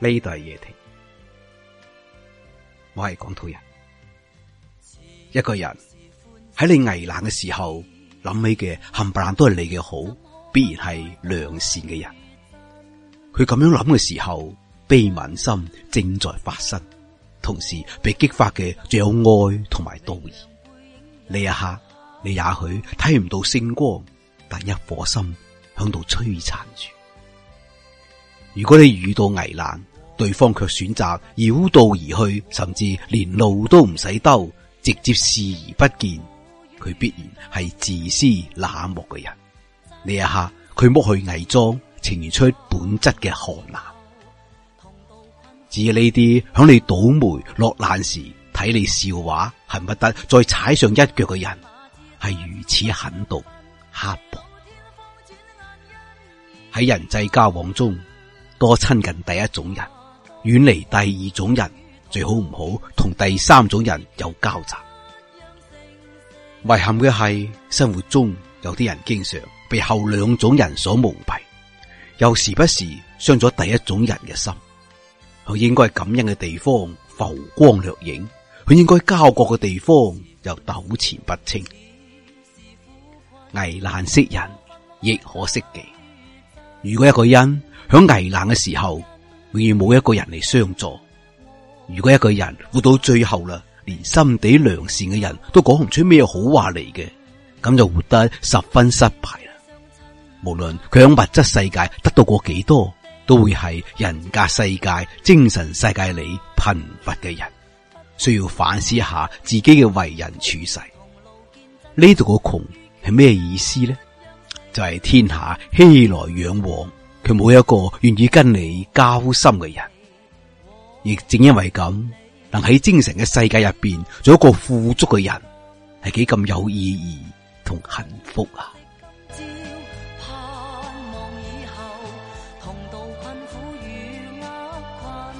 呢度係夜庭，我係港土人。一個人喺你危難嘅時候，諗起嘅冚唪唥都係你嘅好，必然係良善嘅人。佢咁樣諗嘅時候，悲憫心正在發生，同時被激發嘅仲有愛同埋道義。呢一刻，你也許睇唔到星光，但一顆心響度摧殘住。如果你遇到危難，對方卻選擇繞道而去，甚至連路都唔使兜，直接視而不見，佢必然係自私冷漠嘅人。呢一刻，佢剝去偽裝，呈現出本質嘅寒難。至於呢啲響你倒霉落難時睇你笑話，恨不得再踩上一腳嘅人，係如此狠毒刻薄。喺人際交往中，多親近第一種人，遠離第二種人，最好唔好同第三種人有交集。遺憾嘅係，生活中有啲人經常被後兩種人所蒙蔽，又時不時傷咗第一種人嘅心。佢應該感恩嘅地方，浮光掠影；佢應該交過嘅地方，又糾纏不清。危難識人，亦可識己。如果一個人喺危難嘅時候，永遠冇一個人嚟相助；如果一個人活到最後啦，連心底良善嘅人都講唔出咩好話嚟嘅，咁就活得十分失敗啦。無論佢喺物質世界得到過幾多，都會係人格世界、精神世界裏貧乏嘅人，需要反思下自己嘅為人處世。呢度個窮係咩意思呢？就係天下熙來攘往，佢冇一個願意跟你交心嘅人，亦正因為咁，能喺精神嘅世界入邊做一個富足嘅人，係幾咁有意義同幸福啊！盼望以後同度困苦與厄困，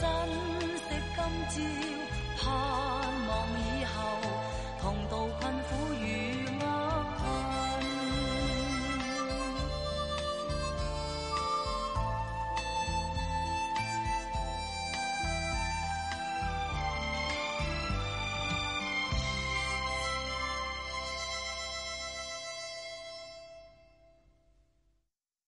珍惜今朝。